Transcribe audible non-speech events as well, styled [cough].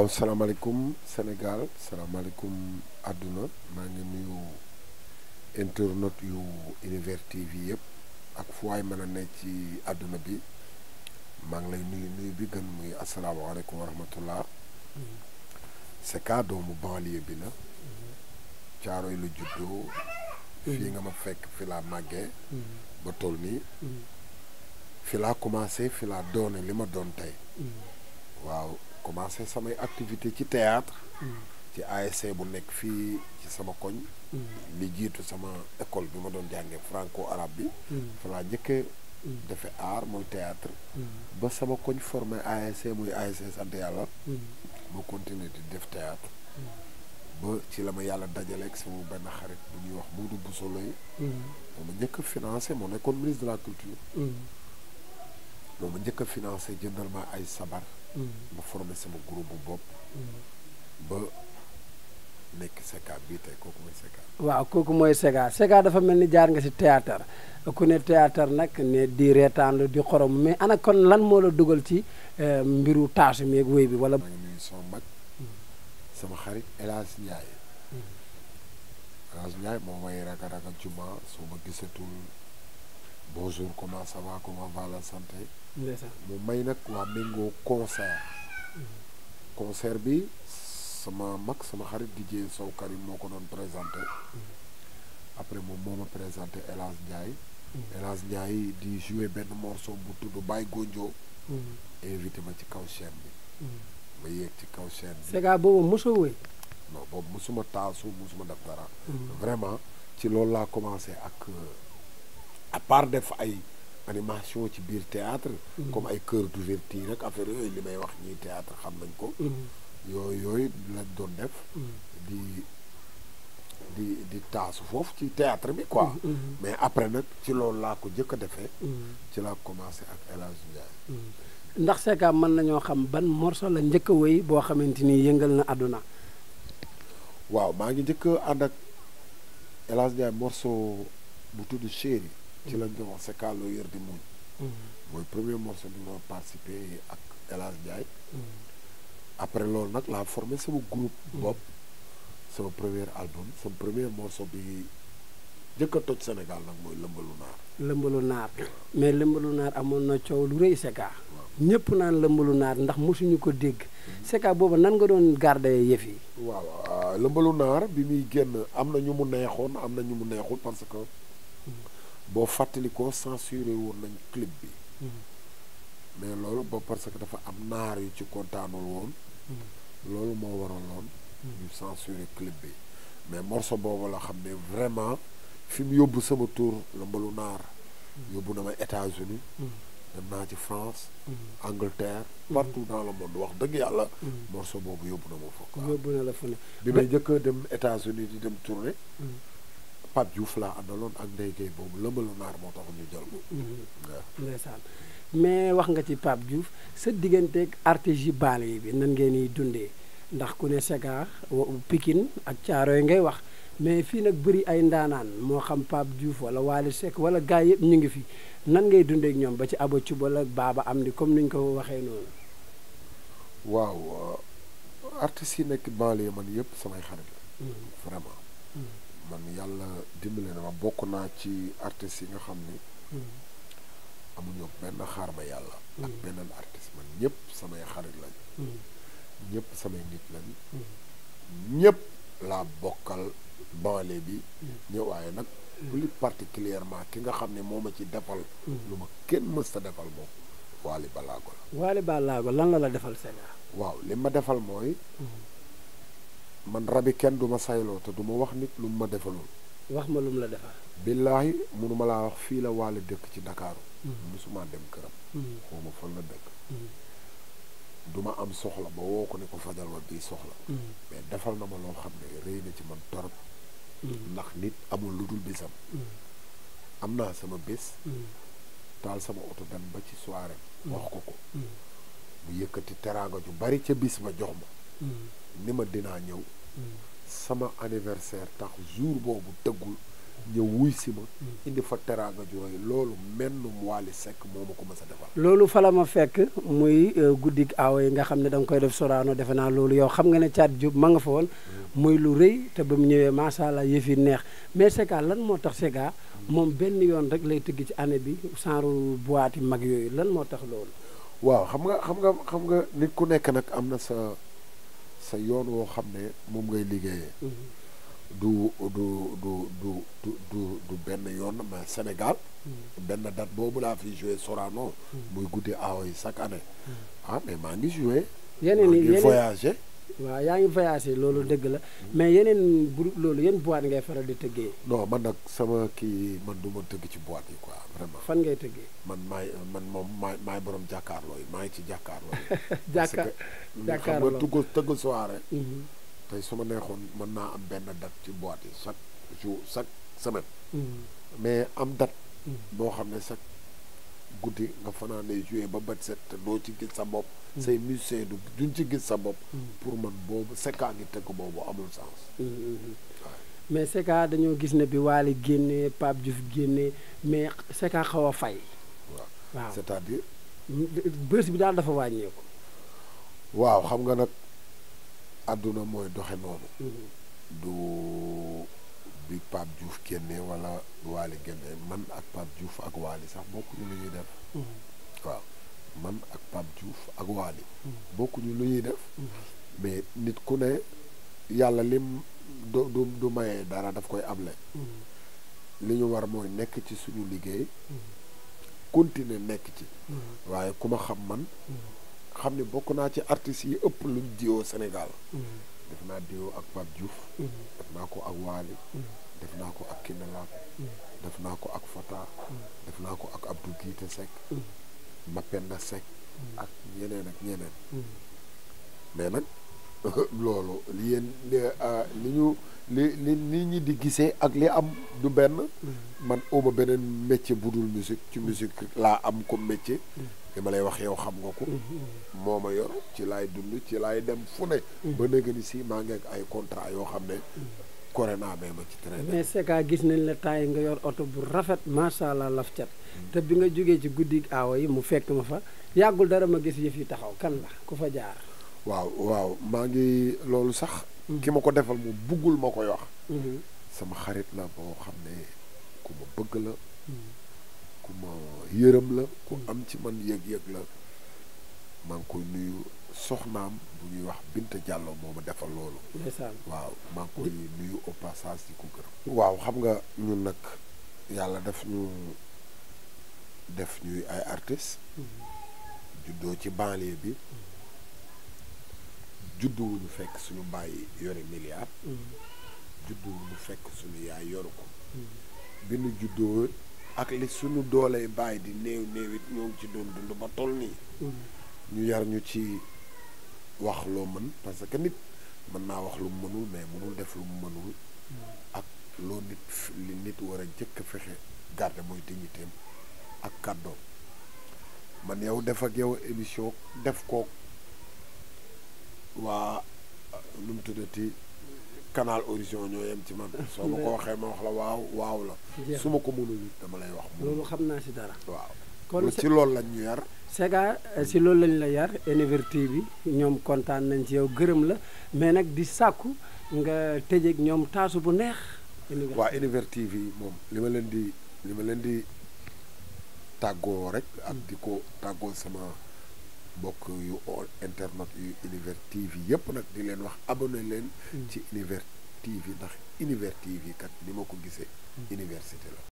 waaw salaamaaleykum Sénégal salaamaaleykum àdduna maa ngi nuyu internet yu Univers TV yëpp ak fu waay mën a ne ci àdduna bi maa ngi lay nuyu nuyu bi gën muy asalaamaaleykum wa rahmatullah mm-hmm. Secka doomu banlieue bi la mm-hmm. Caaroy la juddoo mm-hmm. fii nga ma fekk fi laa màggee ba toll nii fi laa commencé fi laa doone li ma doon tey waaw commencé samay activité ci théâtre ci ASC bu nekk fii ci sama koñ li jiitu sama école bi ma doon jàngee franco arabe bi fa laa defe art mooy théâtre ba sama koñ formé ASC muy ASC sant yàlla ma continuer di def théâtre ba ci la ma yàlla dajaleeg sama benn xarit bu ñuy wax Moudou Bousso Leye moom ma njëkk financé moo nekkoon ministre de la culture moom ma njëkk a financé jëndal ma ay sabar Mm. ma formé sama groupe bu bopp. Mm. ba nekk Seka bii tey kooku mooy Seka. waaw kooku mooy Seka Seka dafa mel ni jaar nga si théâtre ku ne théâtre nag ne di reetaanlu di xorom mais ana kon lan moo la dugal ci euh, mbiru taasu meeg wéy bi wala. maa ngi nuyu sama mag mm. sama xarit El Hadj moom mooy raga raga juma soo ma gisatul bonjour comment ça va comment la santé. mu may nag waa méngoo concert mm-hmm. concert bi sama mag sama xarit DJ Sow Karim moo ko doon présenté mm-hmm. après moom moo ma présenté El Hadj Ndiaye mm-hmm. El Hadj di joué benn morso bu tudd Baye Gonjo invité ma ci kaw chaîne bi ma yéeg ci kaw chaîne bi Sega boobu mosoo wéy non boobu mosuma taasu mosuma def dara vraiment ci loolu laa commencé ak euh, à part def ay animation ci biir théâtre mm-hmm. comme ay cœur d'ouverture ak affaire yooyu li may wax ñii théâtre xam nañ ko mm-hmm. yooyu yooyu lañ doon def mm-hmm. di di di taasu foofu ci théâtre bi quoi mais après nag ci loolu laa ko jëkk a defee ci laa commencé ak El Hadj Ndiaye ndax Secka mën nañoo xam ban morceau la njëkk a wéy boo xamante ni yëngal na àdduna waaw maa ngi njëkk a ànd ak El Hadj Ndiaye bu tudd Chéri ci lañ doon wax c'est quand di mm-hmm. mooy premier morceau bi ma participé ak El Hadj mm-hmm. après loolu nag laa formé sama groupe mm-hmm. bopp sama premier album sama premier morceau bi jëkk a toj Sénégal nag mooy lëmbalu naar lëmbalu naar mais lëmbalu naar amoon na coow lu rëy Secka ñëpp naan lëmbalu naar ndax mosuñu ko dégg Secka boobu nan nga doon garder yëf yi waaw lëmbalu naar bi muy génn am na ñu mu neexoon am na ñu mu neexul parce que boo fàttalikoo censuré woon nañ clip bi mhm. mais loolu ba parce que dafa am naar yu ci kontaanul woon mhm. loolu moo waraloon mhm. ñu censuré clip bi mais morceau boobu la xam ne vraiment fi mu yóbbu sama tour la mbalu naar yóbbu na ma États-Unis dem naa ci France Angleterre partout la le monde wax dëgg yàlla morceau boobu yóbbu na ma fa bi may njëkk a dem États-Unis di dem tourner Pape Diouf laa àndaloon ak Ndeye Gueye boobu lëmbalu naar moo tax ñu jël ko. Mm-hmm. mais wax nga ci Pape Diouf sa digganteeg artiste baal yi bi nan ngeen di dundee ndax ku ne Sega pikin ak yi ngay wax mais fii nag bëri ay ndaanaan moo xam Pape Diouf wala Waly Seck wala gars yëpp ñu ngi fi nan ngay dundeek ñoom ba ci Aba Cuba la Baaba am Amdi comme ni ñu ko waxee noonu. waaw euh, artistes yi nekk banlieue man yëpp samay xarit la. Mm-hmm. man yàlla dimbale na ma bokk naa ci artistes yi nga xam ni hmm. amuñu benn xaar ma yàlla hmm. ak beneen artiste man ñëpp samay xarit lañ hmm. ñëpp samay nit lañ ñëpp laa bokkal banlieue bi ñëw waaye nag plus particulièrement ki nga xam ne moo ma ci defal lu ma kenn mës ta defal moom Waly Ballago la Waly Ballago lan la la defal Sénégal waaw li ma defal mooy man rabi kenn du ma sayloo te du ma wax nit lu mu ma defaloon. wax ma lu mu la defal. billaahi mënuma laa wax fii la waale dëkk ci Ndakaaru hmm. musuma dem këram. Hmm. xaw ma fan la dëkk. Hmm. du am soxla ba woo ko ne ko fajal ma bii soxla. mais defal na ma loo xam ne rëy na ci man torop ndax nit amul lu dul bisam. am naa sama bés. taal sama oto dem ba ci soirée. wax ko ko. mu yëkkati teraanga ju bari ca bis ba jox ma. Mm. ni ma dinaa ñëw mm. sama anniversaire tax jour boobu tëggul ñëw wuy si ma mm. indi fa teraanga jooy loolu mennum Wally Seck moom ma ko ma sa defal loolu fa la ma fekk muy euh, guddi aawo yi nga xam ne da nga koy def soraano defe naa loolu yow xam nga ne Thiat Diop ma nga fa woon muy lu rëy te ba mu ñëwee macha allah yëf yi neex mais Secka lan moo tax Secka moom benn yoon rek lay tëgg ci année bi genre boîte yi mag yooyu lan moo tax loolu waaw xam nga xam nga xam nga nit ku nekk nag am na sa sa yoon woo xam ne moom ngay liggéeyee mm-hmm. du du du du du benn yoon mais Sénégal mm-hmm. benn date boobu laa fi joué Sorano mm-hmm. muy guddi aawo yi chaque année ah mais maa ngi joué maa ngi voyagé waaw yaa ngi voyagé loolu dëgg la mais yeneen groupe loolu yan boîte ngay faral di tëggee. non man nag sama kii man du ma tëgg ci boîte yi quoi vraiment. fan ngay tëggee. man maay man moom maay maay borom jàkkaarlooy yi maa ngi ci jàkkaarloo yi. [laughs] jàkka jàkkaarloo xam nga tugg tëgg soirée. Mhm. tey su ma neexoon mën naa am benn date ci boîte yi chaque jour chaque semaine. Mhm. mais am date. Mhm. boo xam ne chaque. guddi nga fanaanee joué ba bët set te doo ci gis sa bopp mm. say musicien du duñ ci gis sa bopp mm. pour man boobu Secka ngi tëgg boobu amul sens mm, mais Secka dañoo gis ne bi waale génnee Pape Diouf génnee mais Secka xaw a fay waaw c'est-à-dire bés bi daal dafa wàññeeku waaw xam nga nag àdduna mooy doxe noonu mm-hmm. du bi Pape Diouf génnee wala Waly génnee man ak Pape juuf ak Waly sax bokkuñu lu ñuy def. Mm-hmm. waaw man ak Pape Diouf ak Waly. Mm-hmm. bokkuñu lu ñuy def. Mm-hmm. mais nit ku ne yàlla lim du du du mayee dara daf koy able. li ñu war mooy nekk ci suñu liggéey. continuer nekk ci. waaye ku ma xam man. xam ne bokk naa ci artistes yi ëpp luñ jiwo Sénégal. def naa diwo ak Pape Diouf. Mm-hmm. def naa ko ak Waly. Mm-hmm. def naa ko ak Kiné Lam. Mm-hmm. def naa ko ak Fata. def naa ko ak Abdou Guité Seck. Mapenda Seck. ak ñeneen ak ñeneen. mais nag [laughs] loolu li yéen li ah, ñu li ñi di gisee ak li am du benn. man uma beneen métier bu dul musique ci musique laa am comme métier. li ma lay wax yow xam nga ko mm-hmm. moo ma yor ci laay dund ci laay dem fu ne mm-hmm. ba nëgë ni si maa ngi ay contrat yoo xam ne kore mm-hmm. corona bee ma ci train mais Secka gis nañ la temps yi nga yor oto bu rafet macha allah laf cet te bi nga jógee ci guddi aawa yi mu fekk ma fa yàggul dara ma gis yëf yi taxaw kan la ku fa jaar waaw waaw maa ngi loolu sax ki ma ko defal mu buggul ma ko wax sama xarit la boo xam ne ku ma bëgg la ku ma yërëm la ku am ci man yëg-yëg la maa ngi koy nuyu soxnaam bu ñuy wax bint Diallo moom ma defal loolu waaw maa ngi koy nuyu au passage di waaw xam nga ñun nag yàlla daf ñu def ñuy ay artistes mm-hmm. juddoo ci banlieue bi judduwuñu fekk suñu bàyyi yore milliard mm-hmm. judduwuñu fekk suñu yaay yoru ko mm-hmm. bi juddoo ak li suñu doolee bàyyi di néew néew it ñoo ci doon dund ba toll nii mm. ñu yar ñu ci wax loo mën parce que nit mën naa wax lu mu mënul mais mënul def lu mu mënul mm. ak loo nit li nit war a jëkk fexe garde mooy dignitéem ak kàddoom man yow def ak yow émission def kook waa nu mu ti canal horizon ñoo yem ci man. [laughs] soo ma ko waxee ma wax la waaw waaw la. su ma ko mënul dama lay wax. loolu xam naa si dara. waaw kon ci loolu lañ ñu yar. Sega eh, si loolu lañ la yar Enerver bi ñoom kontaan nañ ci yow gërëm la mais nag di sàkku nga tëjeek ñoom taasu bu neex. waa Enerver bi moom li ma leen di li ma leen di tàggoo rek. ak di ko tàggoo sama. bokk yu oo internet yu Univers TV yëpp nag di leen wax abonné leen mm. ci Univers TV ndax Univers TV kat ni ma ko gisee mm. université la